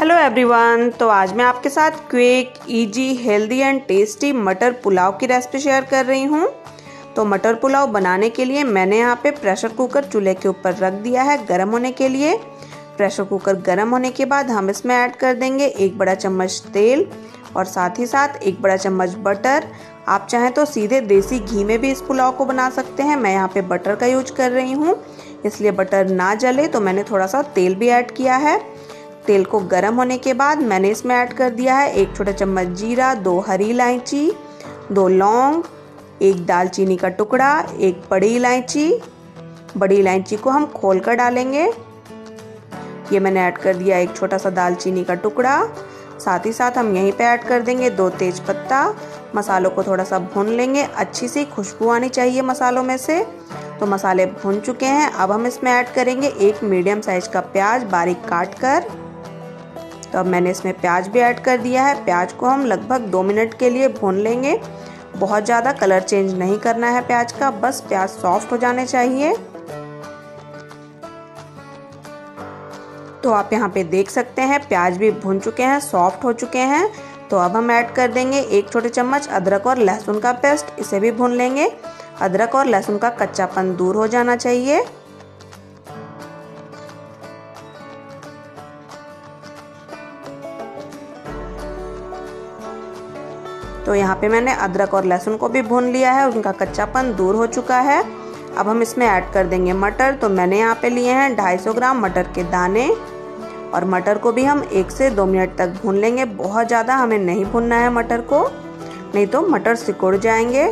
hello everyone तो आज मैं आपके साथ quick easy healthy and tasty मटर पुलाव की रेसिपी शेयर कर रही हूँ तो मटर पुलाव बनाने के लिए मैंने यहाँ पे प्रेशर कुकर चूल्हे के ऊपर रख दिया है गर्म होने के लिए प्रेशर कुकर गर्म होने के बाद हम इसमें ऐड कर देंगे एक बड़ा चम्मच तेल और साथ ही साथ एक बड़ा चम्मच बटर आप चाहें तो सीधे देसी घी में भी इस पुलाव को बना सकते हैं मैं यहाँ पे बटर का यूज कर रही हूँ इसलिए बटर ना जले तो मैंने थोड़ा सा तेल भी ऐड किया है तेल को गर्म होने के बाद मैंने इसमें ऐड कर दिया है एक छोटा चम्मच जीरा दो हरी इलायची दो लौंग एक दालचीनी का टुकड़ा एक बड़ी इलायची बड़ी इलायची को हम खोल कर डालेंगे ये मैंने ऐड कर दिया एक छोटा सा दालचीनी का टुकड़ा साथ ही साथ हम यहीं पे ऐड कर देंगे दो तेज पत्ता मसालों को थोड़ा सा भून लेंगे अच्छी सी खुशबू आनी चाहिए मसालों में से तो मसाले भून चुके हैं अब हम इसमें ऐड करेंगे एक मीडियम साइज का प्याज बारीक काट कर तो अब मैंने इसमें प्याज भी ऐड कर दिया है प्याज को हम लगभग दो मिनट के लिए भून लेंगे बहुत ज़्यादा कलर चेंज नहीं करना है प्याज का बस प्याज सॉफ्ट हो जाने चाहिए तो आप यहाँ पे देख सकते हैं प्याज भी भुन चुके हैं सॉफ्ट हो चुके हैं तो अब हम ऐड कर देंगे एक छोटे चम्मच अदरक और लहसुन का पेस्ट इसे भी भून लेंगे अदरक और लहसुन का कच्चापन दूर हो जाना चाहिए तो यहाँ पे मैंने अदरक और लहसुन को भी भून लिया है उनका कच्चापन दूर हो चुका है अब हम इसमें ऐड कर देंगे मटर तो मैंने यहाँ पे लिए हैं 250 ग्राम मटर के दाने और मटर को भी हम एक से दो मिनट तक भून लेंगे बहुत ज़्यादा हमें नहीं भूनना है मटर को नहीं तो मटर सिकुड़ जाएंगे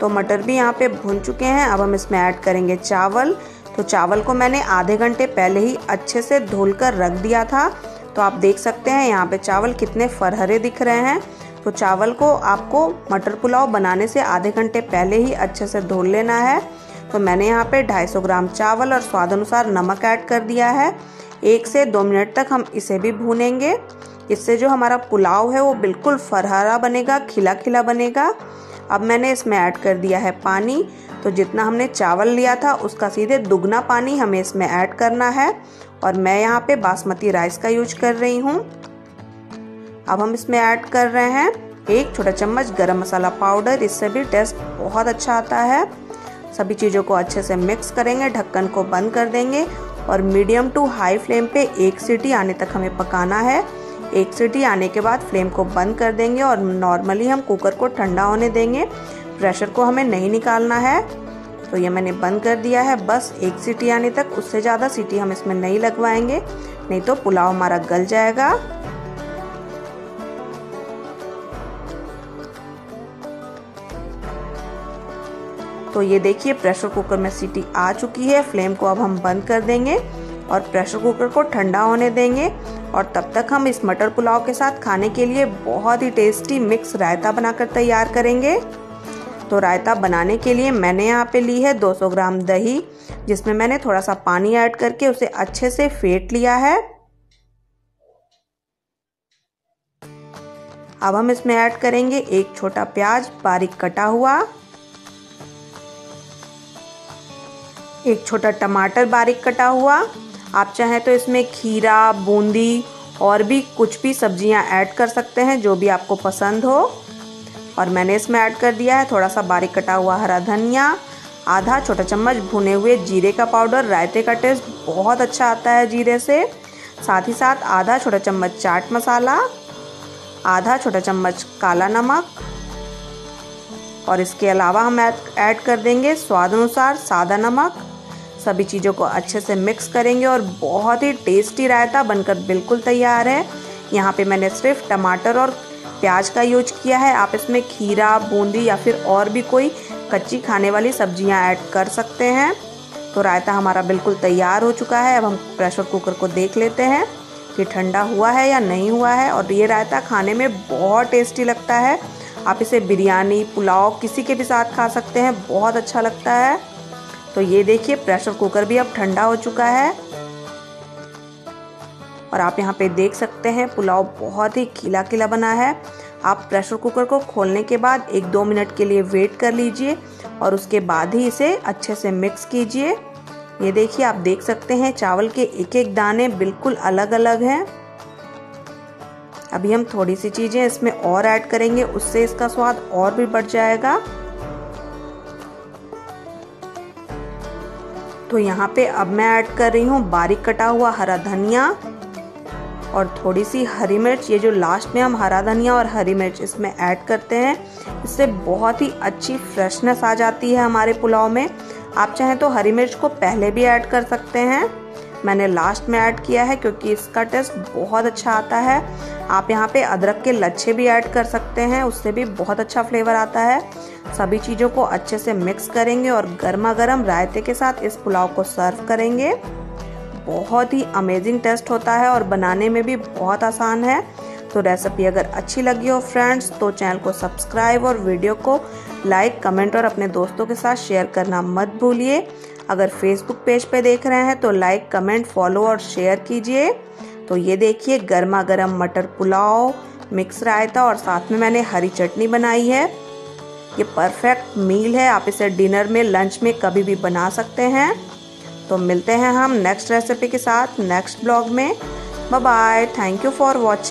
तो मटर भी यहाँ पे भून चुके हैं अब हम इसमें ऐड करेंगे चावल तो चावल को मैंने आधे घंटे पहले ही अच्छे से धुल कर रख दिया था तो आप देख सकते हैं यहाँ पे चावल कितने फरहरे दिख रहे हैं तो चावल को आपको मटर पुलाव बनाने से आधे घंटे पहले ही अच्छे से धो लेना है तो मैंने यहाँ पे 250 ग्राम चावल और स्वाद अनुसार नमक ऐड कर दिया है एक से दो मिनट तक हम इसे भी भूनेंगे इससे जो हमारा पुलाव है वो बिल्कुल फरहरा बनेगा खिला खिला बनेगा अब मैंने इसमें ऐड कर दिया है पानी तो जितना हमने चावल लिया था उसका सीधे दुगना पानी हमें इसमें ऐड करना है और मैं यहाँ पे बासमती राइस का यूज कर रही हूँ अब हम इसमें ऐड कर रहे हैं एक छोटा चम्मच गरम मसाला पाउडर इससे भी टेस्ट बहुत अच्छा आता है सभी चीज़ों को अच्छे से मिक्स करेंगे ढक्कन को बंद कर देंगे और मीडियम टू हाई फ्लेम पे एक सीटी आने तक हमें पकाना है एक सीटी आने के बाद फ्लेम को बंद कर देंगे और नॉर्मली हम कुकर को ठंडा होने देंगे प्रेशर को हमें नहीं निकालना है तो ये मैंने बंद कर दिया है बस एक सीटी आने तक उससे ज़्यादा सीटी हम इसमें नहीं लगवाएंगे नहीं तो पुलाव हमारा गल जाएगा तो ये देखिए प्रेशर कुकर में सीटी आ चुकी है फ्लेम को अब हम बंद कर देंगे और प्रेशर कुकर को ठंडा होने देंगे और तब तक हम इस मटर पुलाव के साथ खाने के लिए बहुत ही टेस्टी मिक्स रायता बनाकर तैयार करेंगे तो रायता बनाने के लिए मैंने यहाँ पे ली है 200 ग्राम दही जिसमें मैंने थोड़ा सा पानी ऐड करके उसे अच्छे से फेंट लिया है अब हम इसमें ऐड करेंगे एक छोटा प्याज बारीक कटा हुआ एक छोटा टमाटर बारीक कटा हुआ आप चाहें तो इसमें खीरा बूंदी और भी कुछ भी सब्जियां ऐड कर सकते हैं जो भी आपको पसंद हो और मैंने इसमें ऐड कर दिया है थोड़ा सा बारीक कटा हुआ हरा धनिया आधा छोटा चम्मच भुने हुए जीरे का पाउडर रायते का टेस्ट बहुत अच्छा आता है जीरे से साथ ही साथ आधा छोटा चम्मच चाट मसाला आधा छोटा चम्मच काला नमक और इसके अलावा हम ऐड कर देंगे स्वाद अनुसार सादा नमक सभी चीज़ों को अच्छे से मिक्स करेंगे और बहुत ही टेस्टी रायता बनकर बिल्कुल तैयार है यहाँ पे मैंने सिर्फ टमाटर और प्याज का यूज किया है आप इसमें खीरा बूंदी या फिर और भी कोई कच्ची खाने वाली सब्जियाँ ऐड कर सकते हैं तो रायता हमारा बिल्कुल तैयार हो चुका है अब हम प्रेशर कुकर को देख लेते हैं कि ठंडा हुआ है या नहीं हुआ है और ये रायता खाने में बहुत टेस्टी लगता है आप इसे बिरयानी पुलाव किसी के भी साथ खा सकते हैं बहुत अच्छा लगता है तो ये देखिए प्रेशर कुकर भी अब ठंडा हो चुका है और आप यहाँ पे देख सकते हैं पुलाव बहुत ही खिला खिला बना है आप प्रेशर कुकर को खोलने के बाद एक दो मिनट के लिए वेट कर लीजिए और उसके बाद ही इसे अच्छे से मिक्स कीजिए ये देखिए आप देख सकते हैं चावल के एक एक दाने बिल्कुल अलग अलग हैं अभी हम थोड़ी सी चीज़ें इसमें और ऐड करेंगे उससे इसका स्वाद और भी बढ़ जाएगा तो यहाँ पे अब मैं ऐड कर रही हूँ बारीक कटा हुआ हरा धनिया और थोड़ी सी हरी मिर्च ये जो लास्ट में हम हरा धनिया और हरी मिर्च इसमें ऐड करते हैं इससे बहुत ही अच्छी फ्रेशनेस आ जाती है हमारे पुलाव में आप चाहें तो हरी मिर्च को पहले भी ऐड कर सकते हैं मैंने लास्ट में ऐड किया है क्योंकि इसका टेस्ट बहुत अच्छा आता है आप यहाँ पे अदरक के लच्छे भी ऐड कर सकते हैं उससे भी बहुत अच्छा फ्लेवर आता है सभी चीज़ों को अच्छे से मिक्स करेंगे और गर्मा गर्म रायते के साथ इस पुलाव को सर्व करेंगे बहुत ही अमेजिंग टेस्ट होता है और बनाने में भी बहुत आसान है तो रेसिपी अगर अच्छी लगी हो फ्रेंड्स तो चैनल को सब्सक्राइब और वीडियो को लाइक कमेंट और अपने दोस्तों के साथ शेयर करना मत भूलिए अगर फेसबुक पेज पे देख रहे हैं तो लाइक कमेंट फॉलो और शेयर कीजिए तो ये देखिए गर्मा गर्म मटर पुलाव मिक्स रायता और साथ में मैंने हरी चटनी बनाई है ये परफेक्ट मील है आप इसे डिनर में लंच में कभी भी बना सकते हैं तो मिलते हैं हम नेक्स्ट रेसिपी के साथ नेक्स्ट ब्लॉग में bye bye thank you for watching